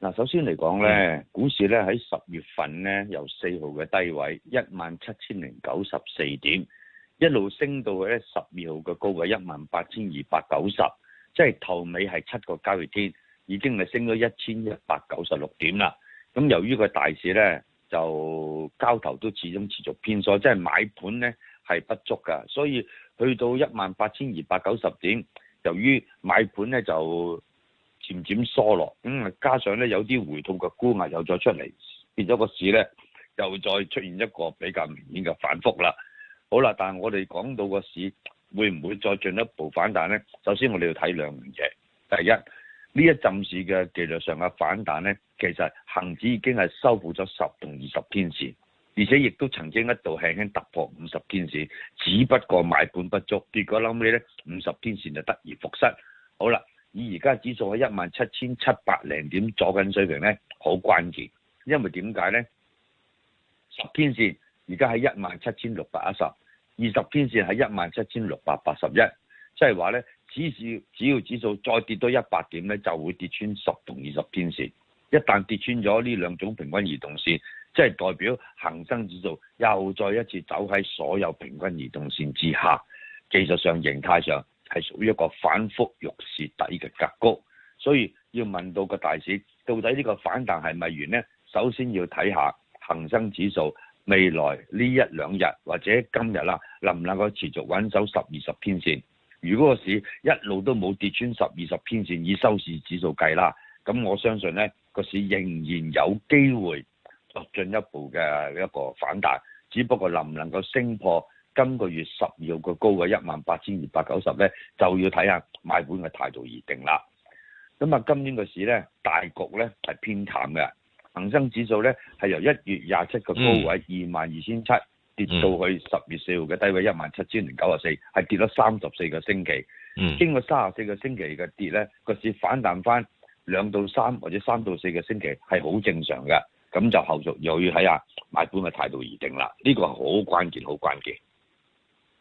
嗱，首先嚟講咧，股市咧喺十月份咧，由四號嘅低位一萬七千零九十四點，一路升到咧十二號嘅高位一萬八千二百九十，18, 90, 即係頭尾係七個交易天，已經係升咗一千一百九十六點啦。咁由於個大市咧就交投都始終持續偏少，即係買盤咧係不足㗎，所以去到一萬八千二百九十點，由於買盤咧就漸漸疏落，咁、嗯、加上咧有啲回吐嘅沽壓又再出嚟，變咗個市咧又再出現一個比較明顯嘅反覆啦。好啦，但係我哋講到個市會唔會再進一步反彈咧？首先我哋要睇兩樣嘢。第一，一陣呢一陣市嘅技術上嘅反彈咧，其實恒指已經係收復咗十同二十天線，而且亦都曾經一度輕輕突破五十天線，只不過買盤不足，結果冧尾咧五十天線就得而復失。好啦。以而家指數喺一萬七千七百零點左近水平咧，好關鍵。因為點解咧？十天線而家喺一萬七千六百一十，二十天線喺一萬七千六百八十一。即係話咧，指數只要指數再跌多一百點咧，就會跌穿十同二十天線。一旦跌穿咗呢兩種平均移動線，即係代表恒生指數又再一次走喺所有平均移動線之下，技術上、形態上。係屬於一個反覆弱市底嘅格局，所以要問到個大市到底呢個反彈係咪完呢？首先要睇下恒生指數未來呢一兩日或者今日啦，能唔能夠持續穩守十二十天線？如果個市一路都冇跌穿十二十天線，以收市指數計啦，咁我相信呢個市仍然有機會作進一步嘅一個反彈，只不過能唔能夠升破？今個月十二號個高位一萬八千二百九十咧，就要睇下買盤嘅態度而定啦。咁啊，今年個市咧大局咧係偏淡嘅，恒生指數咧係由一月廿七個高位二萬二千七跌到去十月四號嘅低位一萬七千零九十四，係跌咗三十四個星期。經過三十四個星期嘅跌咧，個市反彈翻兩到三或者三到四個星期係好正常嘅。咁就後續又要睇下買盤嘅態度而定啦。呢個係好關鍵，好關鍵。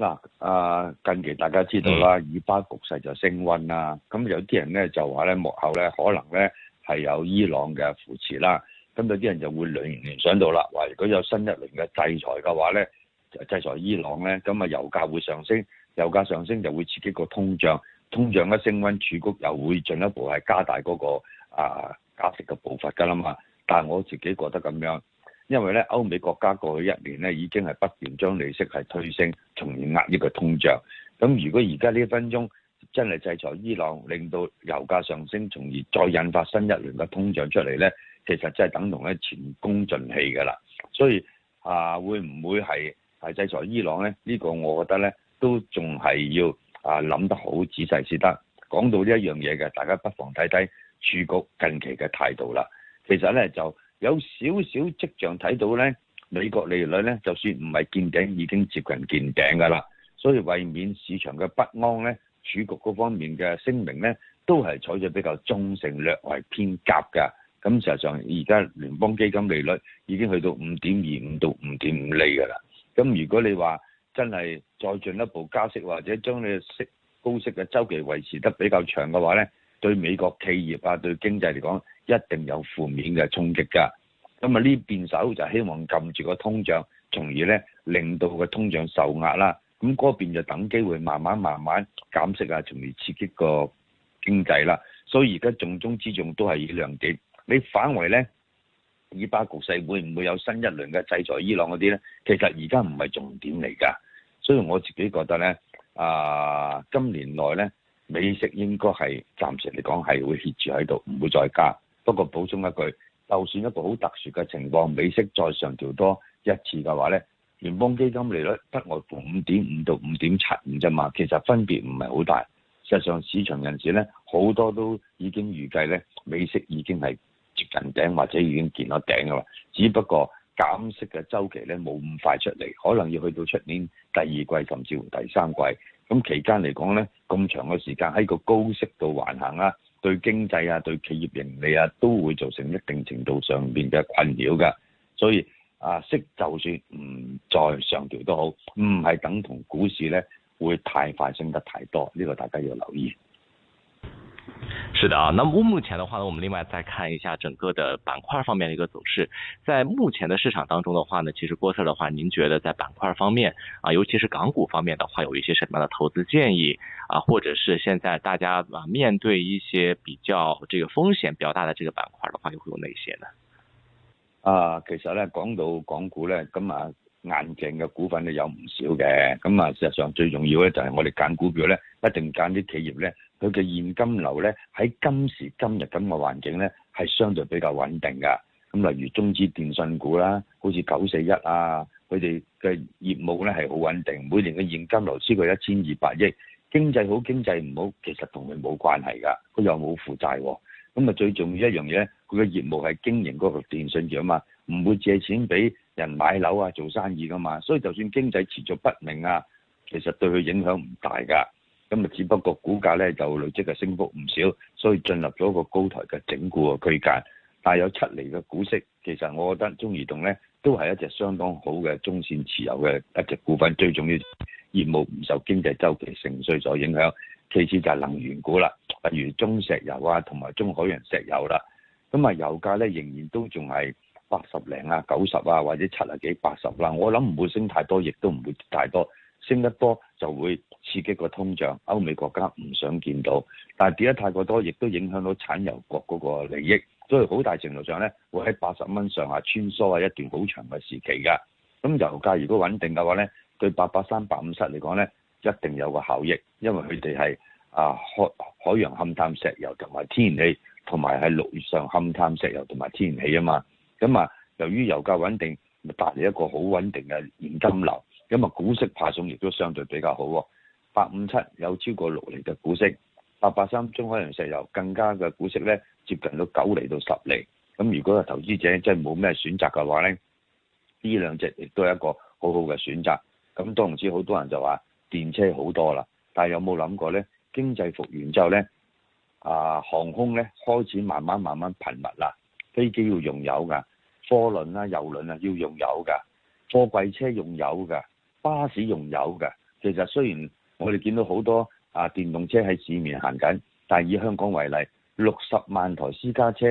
嗱，啊，近期大家知道啦，嗯、以巴局勢就升溫啦、啊，咁、嗯、有啲人咧就話咧幕後咧可能咧係有伊朗嘅扶持啦，咁、嗯、有啲人就會自然聯想到啦，話如果有新一輪嘅制裁嘅話咧，制裁伊朗咧，咁、嗯、啊油價會上升，油價上升就會刺激個通脹，通脹一升溫，儲局又會進一步係加大嗰、那個啊加息嘅步伐㗎啦嘛，但係我自己覺得咁樣。因為咧，歐美國家過去一年咧已經係不斷將利息係推升，從而壓抑個通脹。咁如果而家呢一分鐘真係制裁伊朗，令到油價上升，從而再引發新一輪嘅通脹出嚟咧，其實真係等同咧前功盡棄㗎啦。所以啊，會唔會係係制裁伊朗咧？呢個我覺得咧都仲係要啊諗得好仔細先得。講到呢一樣嘢嘅，大家不妨睇睇儲局近期嘅態度啦。其實咧就，有少少跡象睇到咧，美國利率咧就算唔係見頂，已經接近見頂噶啦。所以為免市場嘅不安咧，儲局嗰方面嘅聲明咧都係採取比較中性，略為偏鴿嘅。咁事實上而家聯邦基金利率已經去到五點二五到五點五厘噶啦。咁如果你話真係再進一步加息，或者將你嘅息高息嘅周期維持得比較長嘅話咧？對美國企業啊，對經濟嚟講一定有負面嘅衝擊㗎。咁啊呢邊手就希望撳住個通脹，從而咧令到佢個通脹受壓啦。咁、嗯、嗰邊就等機會慢慢慢慢減息啊，從而刺激個經濟啦。所以而家重中之重都係以量點。你反為咧，以巴局勢會唔會有新一輪嘅制裁伊朗嗰啲咧？其實而家唔係重點嚟㗎。所以我自己覺得咧，啊，今年內咧。美息應該係暫時嚟講係會歇住喺度，唔會再加。不過補充一句，就算一個好特殊嘅情況，美息再上調多一次嘅話咧，聯邦基金利率不外乎五點五到五點七五啫嘛。其實分別唔係好大。實際上市場人士呢，好多都已經預計咧，美息已經係接近頂或者已經見到頂噶啦。只不過減息嘅周期呢，冇咁快出嚟，可能要去到出年第二季甚至乎第三季。咁期間嚟講呢。咁長嘅時間喺個高息度還行啦，對經濟啊、對企業盈利啊，都會造成一定程度上面嘅困擾㗎。所以啊，息就算唔再上調都好，唔係等同股市咧會太快升得太多，呢、這個大家要留意。是的啊，那麼目前的話呢，我們另外再看一下整個的板塊方面的一個走勢。在目前的市場當中的話呢，其實郭 sir 的話，您覺得在板塊方面啊，尤其是港股方面的話，有一些什麼樣的投資建議啊？或者是現在大家啊面對一些比較這個風險比較大的這個板塊的話，又會有哪些呢？啊，其實呢，講到港股呢，咁啊，眼前嘅股份就有唔少嘅。咁啊，事實上最重要呢，就係我哋揀股票呢，一定揀啲企業呢。佢嘅現金流咧，喺今時今日咁嘅環境咧，係相對比較穩定噶。咁、嗯、例如中資電信股啦，好似九四一啊，佢哋嘅業務咧係好穩定，每年嘅現金流超過一千二百億。經濟好，經濟唔好，其實同佢冇關係㗎，佢又冇負債啊。咁、嗯、啊，最重要一樣嘢，佢嘅業務係經營嗰個電信業嘛，唔會借錢俾人買樓啊、做生意㗎嘛，所以就算經濟持續不明啊，其實對佢影響唔大㗎。咁啊，只不過股價咧就累積嘅升幅唔少，所以進入咗一個高台嘅整固嘅區間。但有七厘嘅股息，其實我覺得中移動咧都係一隻相當好嘅中線持有嘅一隻股份。最重要業務唔受經濟周期盛衰所影響。其次就係能源股啦，例如中石油啊，同埋中海洋石油啦。咁啊，油價咧仍然都仲係八十零啊、九十啊，或者七啊幾八十啦。我諗唔會升太多，亦都唔會太多。升得多就會，刺激個通脹，歐美國家唔想見到，但係跌得太過多，亦都影響到產油國嗰個利益，所以好大程度上咧，會喺八十蚊上下穿梭啊一段好長嘅時期㗎。咁、嗯、油價如果穩定嘅話咧，對八百三、八五七嚟講咧，一定有個效益，因為佢哋係啊海海洋勘探石油同埋天然氣，同埋係陸上勘探石油同埋天然氣啊嘛。咁、嗯、啊，由於油價穩定，咪帶嚟一個好穩定嘅現金流，咁、嗯、啊，股息派送亦都相對比較好、啊。八五七有超過六厘嘅股息，八八三中海洋石油更加嘅股息咧接近到九厘到十厘。咁如果係投資者即係冇咩選擇嘅話咧，呢兩隻亦都係一個好好嘅選擇。咁，當然知好多人就話電車好多啦，但係有冇諗過咧？經濟復原之後咧，啊航空咧開始慢慢慢慢頻密啦，飛機要用油㗎，貨輪啦、啊、郵輪啊要用油㗎，貨櫃車用油㗎，巴士用油㗎。其實雖然，我哋見到好多啊電動車喺市面行緊，但係以香港為例，六十萬台私家車，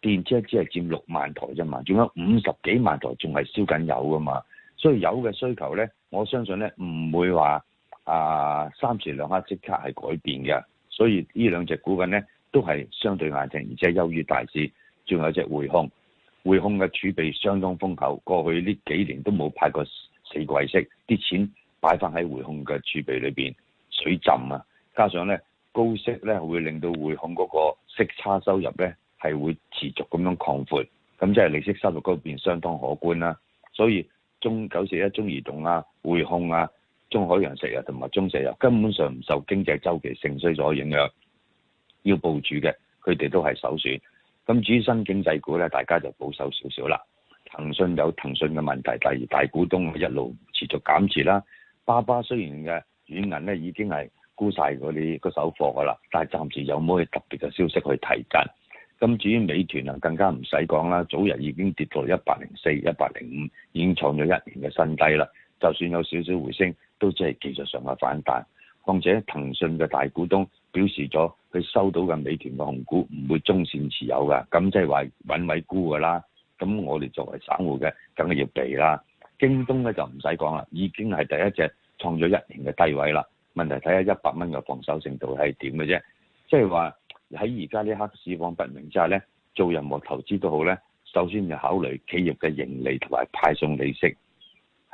電車只係佔六萬台啫嘛，仲有五十幾萬台仲係燒緊油噶嘛，所以油嘅需求呢，我相信呢唔會話啊、呃、三時兩刻即刻係改變嘅，所以兩隻呢兩隻股份呢都係相對硬淨，而且優於大市。仲有隻匯控，匯控嘅儲備相當豐厚，過去呢幾年都冇派過四季息，啲錢。擺翻喺匯控嘅儲備裏邊水浸啊！加上咧高息咧會令到匯控嗰個息差收入咧係會持續咁樣擴闊，咁即係利息收入嗰邊相當可觀啦、啊。所以中九四一、中移動啊、匯控啊、中海洋石油同埋中石油根本上唔受經濟周期盛衰所影響，要部署嘅佢哋都係首選。咁至於新經濟股咧，大家就保守少少啦。騰訊有騰訊嘅問題，第二大股東一路持續減持啦。巴巴雖然嘅軟銀咧已經係沽晒嗰啲個手貨㗎啦，但係暫時有冇乜特別嘅消息去提振？咁至於美團啊，更加唔使講啦，早日已經跌到一百零四、一百零五，已經創咗一年嘅新低啦。就算有少少回升，都只係技術上嘅反彈。況且騰訊嘅大股東表示咗，佢收到嘅美團嘅紅股唔會中線持有㗎，咁即係話搵位沽㗎啦。咁我哋作為散戶嘅，梗係要避啦。京東咧就唔使講啦，已經係第一隻創咗一年嘅低位啦。問題睇下一百蚊嘅防守程度係點嘅啫。即係話喺而家呢一刻市況不明之下咧，做任何投資都好咧，首先就考慮企業嘅盈利同埋派送利息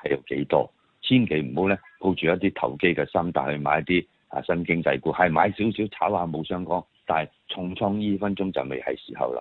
係有幾多，千祈唔好咧抱住一啲投機嘅心態去買一啲啊新經濟股，係買少少炒下冇相干，但係重倉呢分鐘就未係時候啦。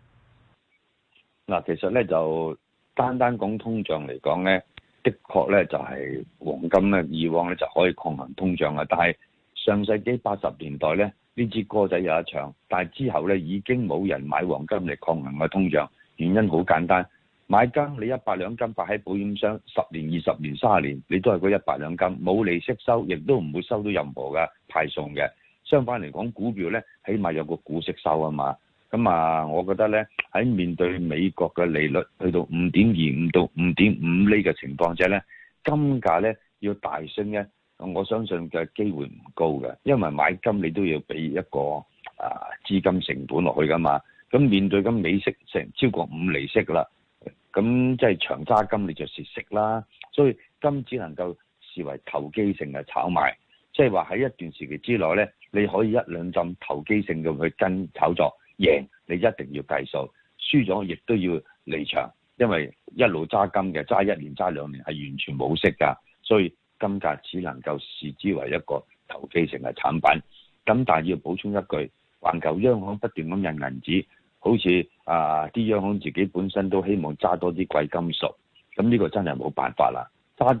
嗱，其實咧就單單講通脹嚟講咧，的確咧就係黃金咧，以往咧就可以抗衡通脹啊。但係上世紀八十年代咧，呢支歌仔有一場，但係之後咧已經冇人買黃金嚟抗衡個通脹。原因好簡單，買金你一百兩金擺喺保險箱，十年、二十年、三十年，你都係嗰一百兩金，冇利息收，亦都唔會收到任何嘅派送嘅。相反嚟講，股票咧起碼有個股息收啊嘛。咁啊，我覺得咧喺面對美國嘅利率去到五點二五到五點五呢個情況之下咧，金價咧要大升咧，我相信嘅機會唔高嘅，因為買金你都要俾一個啊資金成本落去㗎嘛。咁面對咁美息成超過五厘息㗎啦，咁即係長揸金你就蝕息啦，所以金只能夠視為投機性嘅炒賣，即係話喺一段時期之內咧，你可以一兩浸投機性咁去跟炒作。贏你一定要計數，輸咗亦都要離場，因為一路揸金嘅揸一年揸兩年係完全冇息㗎，所以金價只能夠視之為一個投機性嘅產品。咁但係要補充一句，環球央行不斷咁印銀紙，好似啊啲央行自己本身都希望揸多啲貴金屬，咁呢個真係冇辦法啦。揸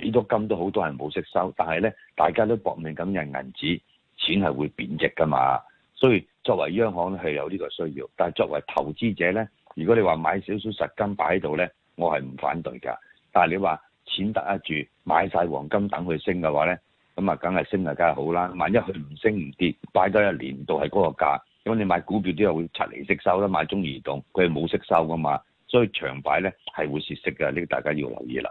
幾多金都好多係冇息收，但係呢，大家都搏命咁印銀紙，錢係會貶值㗎嘛。所以作為央行咧係有呢個需要，但係作為投資者呢，如果你話買少少實金擺喺度呢，我係唔反對㗎。但係你話錢得得住買晒黃金等佢升嘅話呢，咁啊梗係升啊梗係好啦。萬一佢唔升唔跌，擺多一年都係嗰個價，因你買股票都有會拆嚟息收啦，買中移動佢係冇息收㗎嘛，所以長擺呢係會蝕息㗎，呢個大家要留意啦。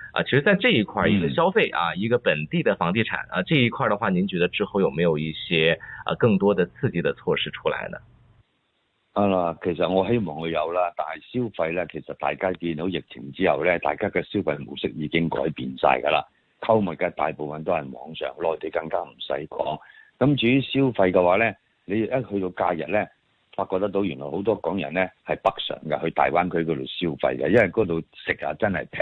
啊，其實在這一塊，一個消費啊，一個本地的房地產啊，這一塊的話，您覺得之後有沒有一些啊更多的刺激的措施出來呢？啊啦，其實我希望會有啦，但係消費咧，其實大家見到疫情之後咧，大家嘅消費模式已經改變晒噶啦。購物嘅大部分都係網上，內地更加唔使講。咁至於消費嘅話咧，你一去到假日咧，發覺得到原來好多港人咧係北上嘅去大灣區嗰度消費嘅，因為嗰度食啊真係平。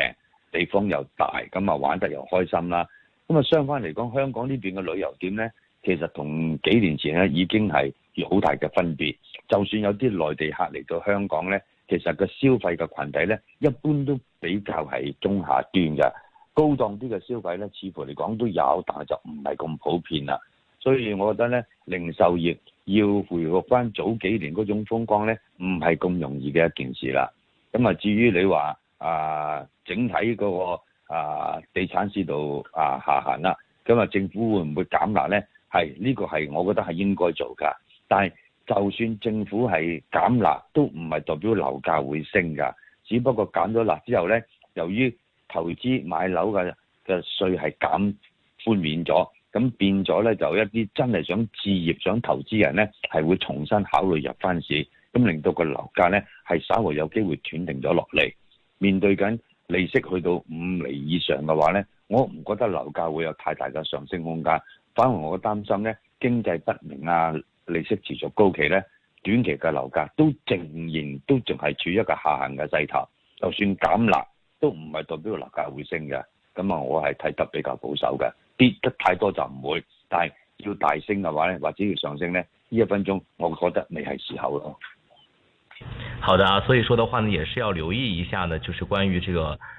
地方又大，咁啊玩得又開心啦。咁啊，相反嚟講，香港呢邊嘅旅遊店呢，其實同幾年前呢已經係好大嘅分別。就算有啲內地客嚟到香港呢，其實個消費嘅群體呢，一般都比較係中下端㗎。高檔啲嘅消費呢，似乎嚟講都有，但係就唔係咁普遍啦。所以，我覺得呢，零售業要回復返早幾年嗰種風光呢，唔係咁容易嘅一件事啦。咁啊，至於你話，啊，整體嗰，那個啊地產市道啊下行啦，咁啊政府會唔會減辣呢？係呢，這個係我覺得係應該做㗎。但係就算政府係減辣，都唔係代表樓價會升㗎。只不過減咗辣之後呢，由於投資買樓嘅嘅稅係減寬免咗，咁變咗呢，就一啲真係想置業、想投資人呢，係會重新考慮入翻市，咁令到個樓價呢，係稍微有機會斷定咗落嚟。面對緊利息去到五厘以上嘅話呢，我唔覺得樓價會有太大嘅上升空間，反而我嘅擔心呢，經濟不明啊，利息持續高企呢，短期嘅樓價都仍然都仲係處於一個下行嘅勢頭，就算減辣都唔係代表樓價會升嘅，咁啊我係睇得比較保守嘅，跌得太多就唔會，但係要大升嘅話呢或者要上升呢，呢一分鐘我覺得未係時候咯。好的啊，所以說的話呢，也是要留意一下呢，就是關於這個。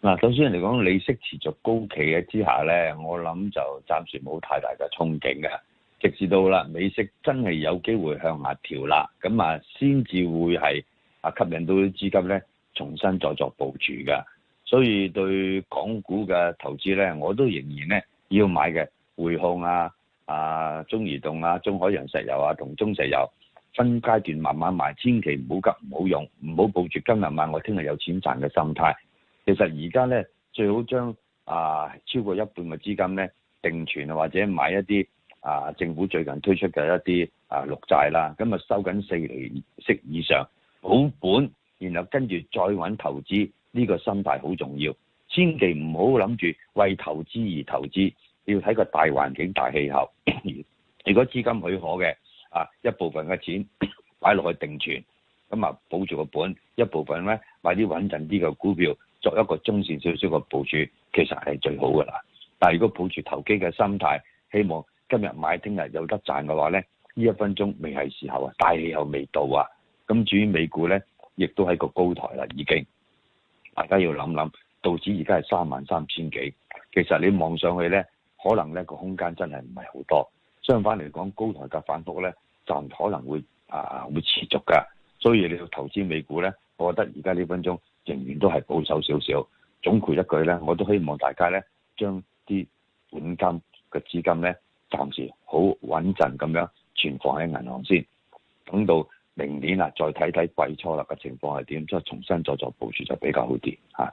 嗱，首先嚟講，利息持續高企嘅之下咧，我諗就暫時冇太大嘅憧憬嘅，直至到啦，美息真係有機會向下調啦，咁啊，先至會係啊吸引到啲資金咧，重新再作部署嘅。所以對港股嘅投資咧，我都仍然咧要買嘅，匯控啊、啊中移動啊、中海洋石油啊同中石油，分階段慢慢買，千祈唔好急唔好用，唔好抱住今日買，我聽日有錢賺嘅心態。其實而家咧，最好將啊超過一半嘅資金咧定存，或者買一啲啊政府最近推出嘅一啲啊綠債啦，咁啊收緊四釐息以上保本，然後跟住再揾投資呢、呢個心態好重要，千祈唔好諗住為投資而投資，要睇個大環境大氣候。 如果資金許可嘅啊，一部分嘅錢擺落 去定存，咁啊保住個本，一部分咧買啲穩陣啲嘅股票。作一個中線少少個部署，其實係最好噶啦。但係如果抱住投機嘅心態，希望今日買聽日有得賺嘅話呢，呢一分鐘未係時候啊，大氣候未到啊。咁至於美股呢，亦都係個高台啦，已經。大家要諗諗，到此而家係三萬三千幾，其實你望上去呢，可能呢個空間真係唔係好多。相反嚟講，高台嘅反覆呢，就可能會啊會持續噶。所以你要投資美股呢，我覺得而家呢分鐘，仍然都係保守少少，總括一句呢，我都希望大家呢，將啲本金嘅資金呢暫時好穩陣咁樣存放喺銀行先，等到明年啦，再睇睇季初啦嘅情況係點，再重新再做，做部署就比較好啲嚇。啊。